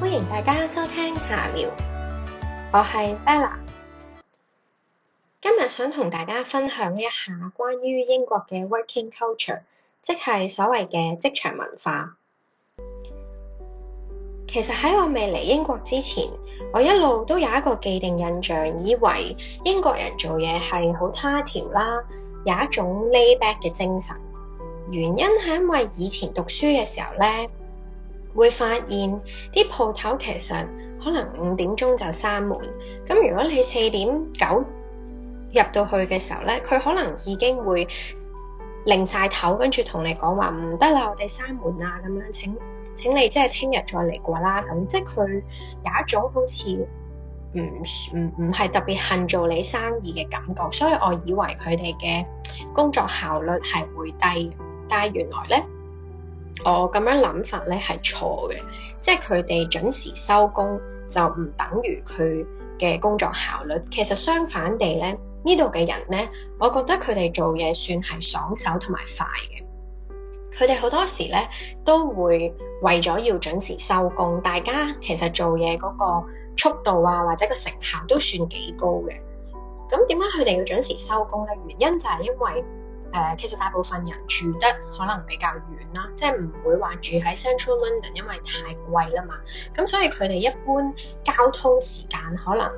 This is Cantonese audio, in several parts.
歡迎大家收聽茶聊，我係 Bella。今日想同大家分享一下關於英國嘅 working culture，即係所謂嘅職場文化。其實喺我未嚟英國之前，我一路都有一個既定印象，以為英國人做嘢係好他條啦，有一種 lay back 嘅精神。原因係因為以前讀書嘅時候呢。會發現啲鋪頭其實可能五點鐘就閂門，咁如果你四點九入到去嘅時候咧，佢可能已經會擰晒頭，跟住同你講話唔得啦，我哋閂門啊，咁樣請請你即係聽日再嚟過啦。咁即係佢有一種好似唔唔唔係特別恨做你生意嘅感覺，所以我以為佢哋嘅工作效率係會低，但係原來咧。我咁樣諗法咧係錯嘅，即係佢哋準時收工就唔等於佢嘅工作效率。其實相反地咧，呢度嘅人咧，我覺得佢哋做嘢算係爽手同埋快嘅。佢哋好多時咧都會為咗要準時收工，大家其實做嘢嗰個速度啊或者個成效都算幾高嘅。咁點解佢哋要準時收工咧？原因就係因為。誒，uh, 其實大部分人住得可能比較遠啦，即係唔會話住喺 Central London，因為太貴啦嘛。咁所以佢哋一般交通時間可能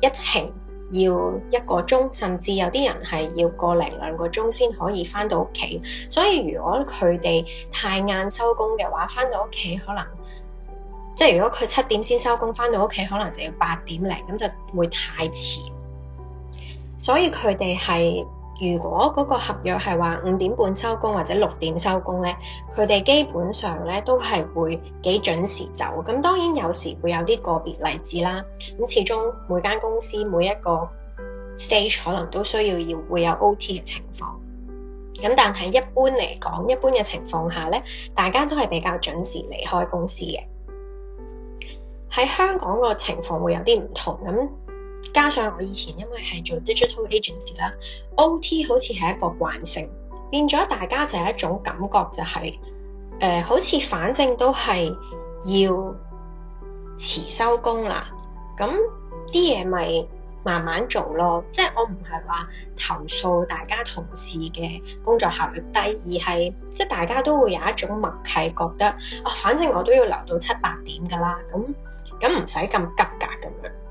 一程要一個鐘，甚至有啲人係要個零兩個鐘先可以翻到屋企。所以如果佢哋太晏收工嘅話，翻到屋企可能即係如果佢七點先收工，翻到屋企可能就要八點零，咁就會太遲。所以佢哋係。如果嗰個合約係話五點半收工或者六點收工呢，佢哋基本上呢，都係會幾準時走。咁當然有時會有啲個別例子啦。咁始終每間公司每一個 stage 可能都需要要會有 OT 嘅情況。咁但係一般嚟講，一般嘅情況下呢，大家都係比較準時離開公司嘅。喺香港個情況會有啲唔同咁。加上我以前因為係做 digital agency 啦，OT 好似係一個慣性，變咗大家就係一種感覺就係、是，誒、呃，好似反正都係要遲收工啦，咁啲嘢，咪慢慢做咯。即係我唔係話投訴大家同事嘅工作效率低，而係即係大家都會有一種默契，覺得啊、哦，反正我都要留到七八點噶啦，咁咁唔使咁急噶咁樣。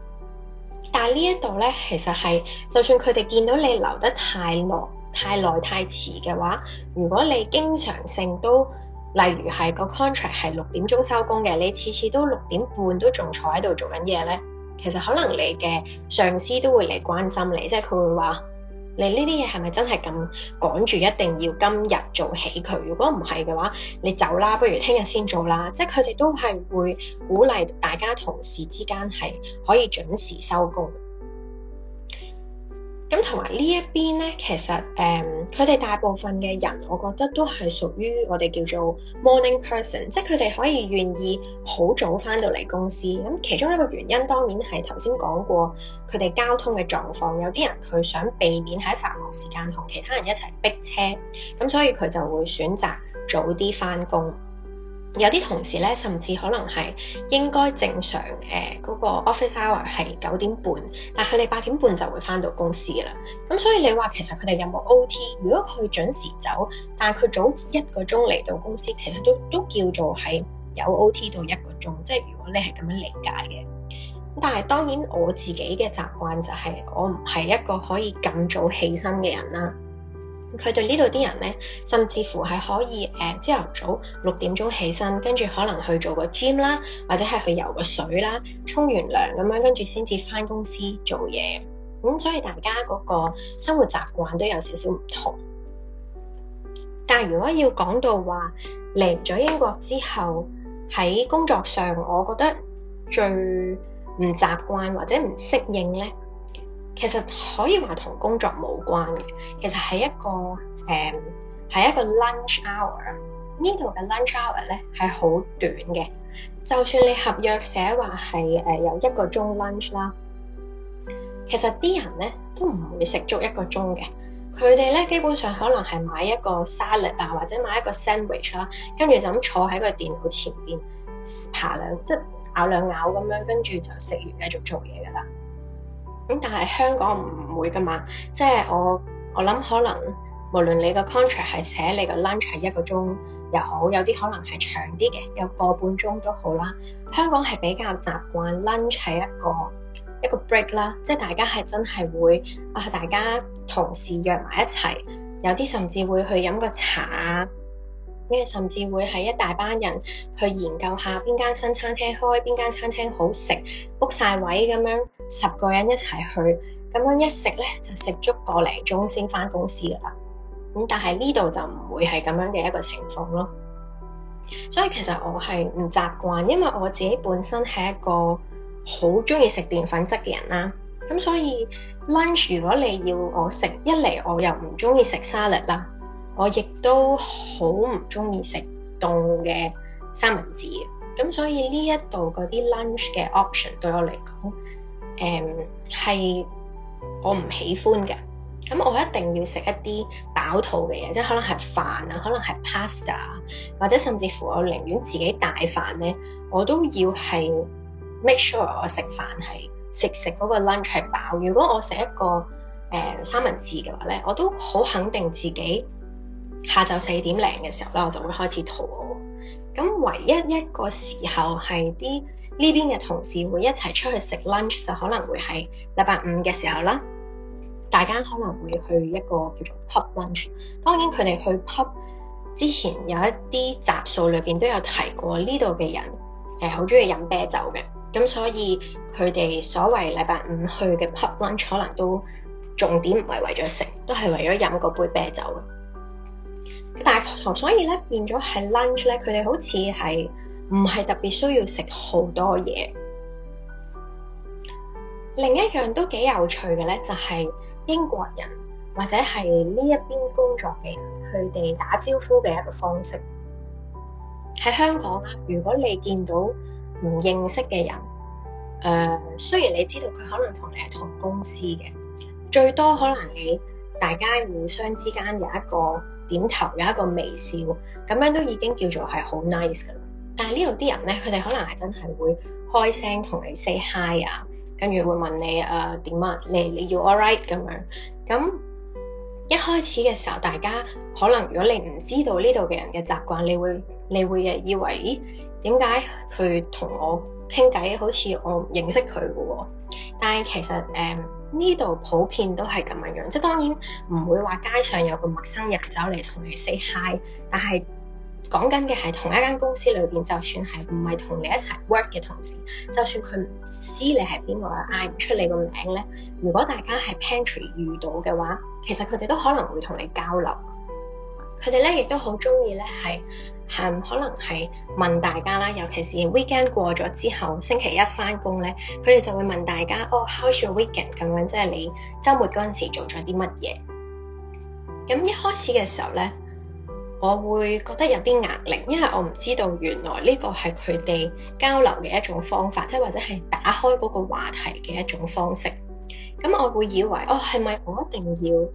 但呢一度咧，其實係就算佢哋見到你留得太耐、太耐、太遲嘅話，如果你經常性都，例如係個 contract 係六點鐘收工嘅，你次次都六點半都仲坐喺度做緊嘢咧，其實可能你嘅上司都會嚟關心你，即係佢會話，你呢啲嘢係咪真係咁趕住一定要今日做起佢？如果唔係嘅話，你走啦，不如聽日先做啦。即係佢哋都係會鼓勵大家同事之間係可以準時收工。咁同埋呢一邊咧，其實誒，嗯、佢哋大部分嘅人，我覺得都係屬於我哋叫做 morning person，即係佢哋可以願意好早翻到嚟公司。咁其中一個原因，當然係頭先講過，佢哋交通嘅狀況，有啲人佢想避免喺繁忙時間同其他人一齊逼車，咁所以佢就會選擇早啲翻工。有啲同事咧，甚至可能係應該正常誒嗰、呃嗰個 office hour 係九點半，但佢哋八點半就會返到公司啦。咁所以你話其實佢哋有冇 OT？如果佢準時走，但係佢早一個鐘嚟到公司，其實都都叫做係有 OT 到一個鐘，即係如果你係咁樣理解嘅。但係當然我自己嘅習慣就係、係、我唔係一個可以咁早起身嘅人啦。佢對呢度啲人呢，甚至乎係可以誒朝頭早六點鐘起身，跟住可能去做個 gym 啦，或者係去游個水啦，沖完涼咁樣，跟住先至返公司做嘢。咁、嗯、所以大家嗰個生活習慣都有少少唔同。但係如果要講到話嚟咗英國之後喺工作上，我覺得最唔習慣或者唔適應呢。其實可以話同工作冇關嘅，其實係一個誒，係、嗯、一個 lunch hour。呢度嘅 lunch hour 咧係好短嘅，就算你合約寫話係誒有一個鐘 lunch 啦，其實啲人咧都唔會食足一個鐘嘅。佢哋咧基本上可能係買一個沙律啊，或者買一個 sandwich 啦，跟住就咁坐喺個電腦前邊爬兩，即係咬兩咬咁樣，跟住就食完繼續做嘢噶啦。咁但係香港唔會㗎嘛，即係我我諗可能無論你個 contract 係寫你個 lunch 係一個鐘又好，有啲可能係長啲嘅，有個半鐘都好啦。香港係比較習慣 lunch 係一個一個 break 啦，即係大家係真係會啊，大家同事約埋一齊，有啲甚至會去飲個茶啊。因為甚至會係一大班人去研究下邊間新餐廳開邊間餐廳好食，book 晒位咁樣十個人一齊去，咁樣一食咧就食足個零鐘先翻公司噶啦。咁、嗯、但係呢度就唔會係咁樣嘅一個情況咯。所以其實我係唔習慣，因為我自己本身係一個好中意食澱粉質嘅人啦。咁、嗯、所以 lunch 如果你要我食，一嚟我又唔中意食沙律啦。我亦都好唔中意食凍嘅三文治，咁所以呢一度嗰啲 lunch 嘅 option 對我嚟講，誒、嗯、係我唔喜歡嘅。咁我一定要食一啲飽肚嘅嘢，即係可能係飯啊，可能係 pasta，啊、或者甚至乎我寧願自己帶飯咧，我都要係 make sure 我食飯係食食嗰個 lunch 係飽。如果我食一個誒、呃、三文治嘅話咧，我都好肯定自己。下晝四點零嘅時候咧，我就會開始肚餓。咁唯一一個時候係啲呢邊嘅同事會一齊出去食 lunch，就可能會係禮拜五嘅時候啦。大家可能會去一個叫做 pub lunch。當然佢哋去 pub 之前有一啲集數裏邊都有提過，呢度嘅人係好中意飲啤酒嘅。咁所以佢哋所謂禮拜五去嘅 pub lunch，可能都重點唔係為咗食，都係為咗飲嗰杯啤酒。大堂所以咧，變咗係 lunch 咧。佢哋好似係唔係特別需要食好多嘢。另一樣都幾有趣嘅咧，就係、是、英國人或者係呢一邊工作嘅人，佢哋打招呼嘅一個方式。喺香港咧，如果你見到唔認識嘅人，誒、呃、雖然你知道佢可能同你係同公司嘅，最多可能你大家互相之間有一個。點頭有一個微笑，咁樣都已經叫做係好 nice 噶。但係呢度啲人咧，佢哋可能係真係會開聲同你 say hi 啊，跟住會問你誒，點啊，你你要 all right 咁樣。咁一開始嘅時候，大家可能如果你唔知道呢度嘅人嘅習慣，你會你會誒以為，咦點解佢同我傾偈好似我認識佢嘅喎？但係其實誒。Um, 呢度普遍都係咁樣樣，即係當然唔會話街上有個陌生人走嚟同你 say hi，但係講緊嘅係同一間公司裏邊，就算係唔係同你一齊 work 嘅同事，就算佢唔知你係邊個，嗌唔出你個名咧，如果大家喺 pantry 遇到嘅話，其實佢哋都可能會同你交流，佢哋咧亦都好鍾意咧係。係可能係問大家啦，尤其是 weekend 過咗之後，星期一翻工咧，佢哋就會問大家：哦，how's your weekend？咁樣，即係你周末嗰陣時做咗啲乜嘢？咁一開始嘅時候咧，我會覺得有啲壓力，因為我唔知道原來呢個係佢哋交流嘅一種方法，即係或者係打開嗰個話題嘅一種方式。咁我會以為，哦，係咪我一定要？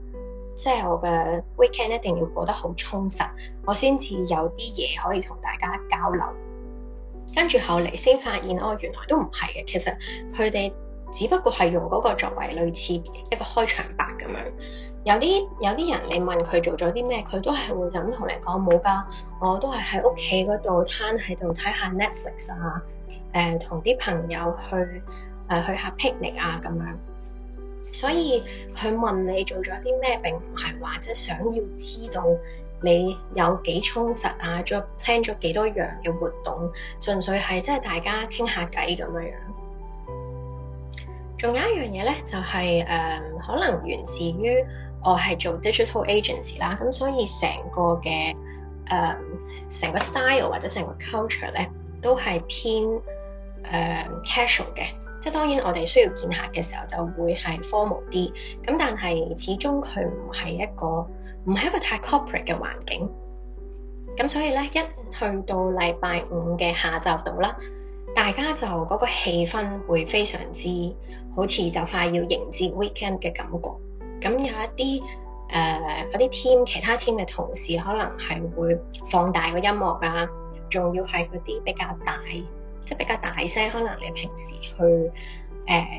即係我嘅 weekend 一定要過得好充實，我先至有啲嘢可以同大家交流。跟住後嚟先發現，我原來都唔係嘅。其實佢哋只不過係用嗰個作為類似一個開場白咁樣。有啲有啲人，你問佢做咗啲咩，佢都係會咁同你講冇㗎。我都係喺屋企嗰度攤喺度睇下 Netflix 啊，誒、呃，同啲朋友去誒、呃、去下 picnic 啊咁樣。所以佢問你做咗啲咩，並唔係話即係想要知道你有幾充實啊，做 plan 咗幾多樣嘅活動，純粹係即係大家傾下偈咁樣樣。仲有一樣嘢咧，就係誒可能源自於我係做 digital agency 啦，咁所以成個嘅誒成個 style 或者成個 culture 咧，都係偏誒 casual 嘅。即係當然，我哋需要見客嘅時候就會係 formal 啲，咁但係始終佢唔係一個唔係一個太 corporate 嘅環境。咁所以咧，一去到禮拜五嘅下晝度啦，大家就嗰個氣氛會非常之好似就快要迎接 weekend 嘅感覺。咁有一啲誒啲、呃、team 其他 team 嘅同事可能係會放大個音樂啊，仲要係嗰啲比較大。即係比較大聲，可能你平時去誒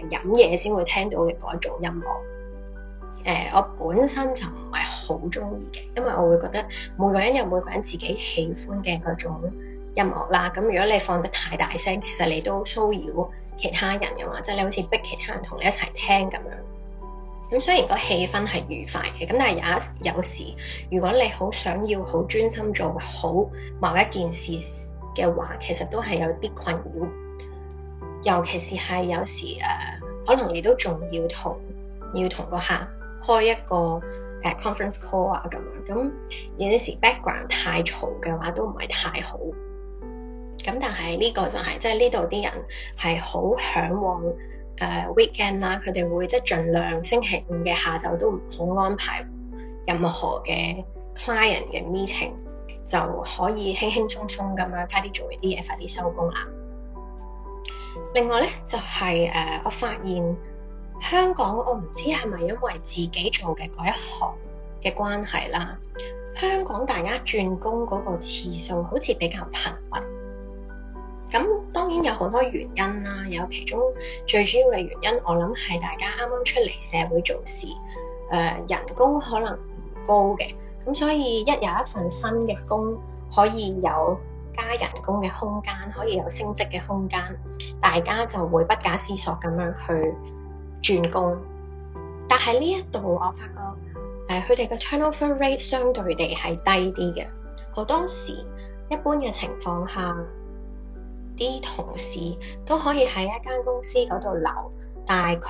飲嘢先會聽到嘅嗰種音樂。誒、呃，我本身就唔係好中意嘅，因為我會覺得每個人有每個人自己喜歡嘅嗰種音樂啦。咁、嗯、如果你放得太大聲，其實你都騷擾其他人嘅話，即、就、係、是、你好似逼其他人同你一齊聽咁樣。咁、嗯、雖然個氣氛係愉快嘅，咁但係有有時，如果你好想要好專心做好某一件事。嘅話，其實都係有啲困擾，尤其是係有時誒、呃，可能你都仲要同要同個客開一個誒、呃、conference call 啊咁樣，咁有陣時 background 太嘈嘅話，都唔係太好。咁但係呢個就係、是、即係呢度啲人係好向往誒、呃、weekend 啦，佢哋會即係盡量星期五嘅下晝都唔好安排任何嘅 client 嘅 meeting。就可以輕輕鬆鬆咁樣快啲做完啲嘢，快啲收工啦。另外咧，就係、是、誒、呃，我發現香港，我唔知係咪因為自己做嘅嗰一行嘅關係啦。香港大家轉工嗰個次數好似比較頻密。咁當然有好多原因啦，有其中最主要嘅原因，我諗係大家啱啱出嚟社會做事，誒、呃、人工可能唔高嘅。咁所以一有一份新嘅工，可以有加人工嘅空間，可以有升職嘅空間，大家就會不假思索咁樣去轉工。但係呢一度，我發覺誒佢哋嘅 turnover rate 相對地係低啲嘅。好多時一般嘅情況下，啲同事都可以喺一間公司度留大概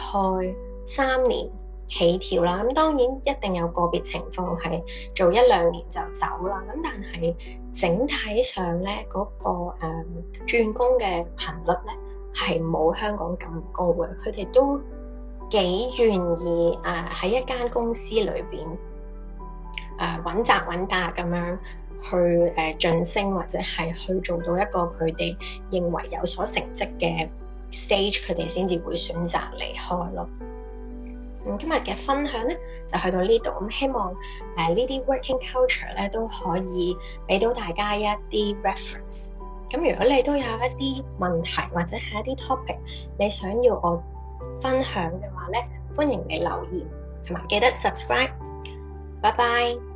三年。起跳啦，咁當然一定有個別情況係做一兩年就走啦。咁但係整體上咧，嗰、那個誒轉、呃、工嘅頻率咧係冇香港咁高嘅，佢哋都幾願意誒喺、呃、一間公司裏邊誒穩紮穩打咁樣去誒、呃、晉升，或者係去做到一個佢哋認為有所成績嘅 stage，佢哋先至會選擇離開咯。嗯，今日嘅分享咧就去到呢度，咁希望誒呢啲 working culture 咧都可以俾到大家一啲 reference。咁如果你都有一啲問題或者係一啲 topic 你想要我分享嘅話咧，歡迎你留言，同埋記得 subscribe。拜拜。